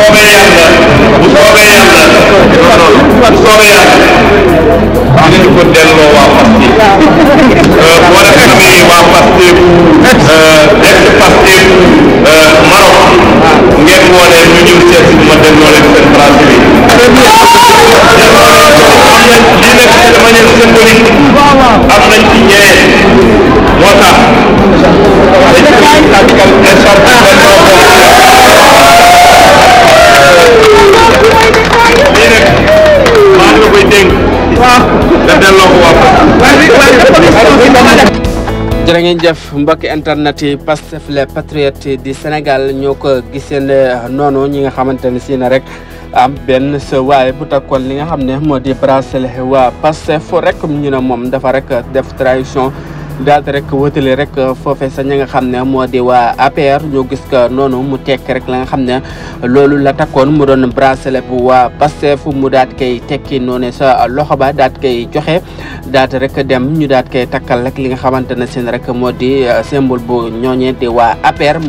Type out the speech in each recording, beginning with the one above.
soobee yàlla bu soobee yàlla bu soobee yàlla dinañu ko delloo waa Pastef euh, boo defee ni waa Pastef euh, nekk Pastef euh, Maroc ngeen woolee ñu ñëw seet si ma delloo leen seen bracelet bi delloo leen ko am nañ lii nekk de manière symbolique am nañ ci ñee delloo ko mbokki internet yi Pastef les di Sénégal ñoo ko giseen noonu ñi nga xamante ne si rek am benn sa waaye bu takkoon li nga xam ne moo di bracelet waa Pastef rek ñu ne moom dafa rek def trahison daal rek wëtali rek euh, foofee sax ñi nga xam ne moo di waa APR ñoo gis ko noonu mu tekki rek la nga xam ne loolu la takkoon mu doon bracelet bu waa Pastef mu daal di koy tekki noonu sa loxo ba daal koy joxe daal rek dem ñu daal di takkal rek li nga xamante ne seen rek moo di euh, symbole bu ñooñee di waa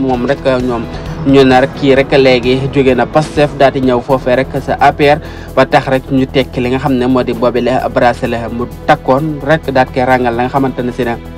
moom rek euh, ñoom. ñu ne rek kii rek léegi jóge na Pastef daal di ñëw foofee rek sa APR tax rek ñu tekki li nga xam ne moo di boobile bracelet mu takkoon rek daal di koy la nga xamante ne si ne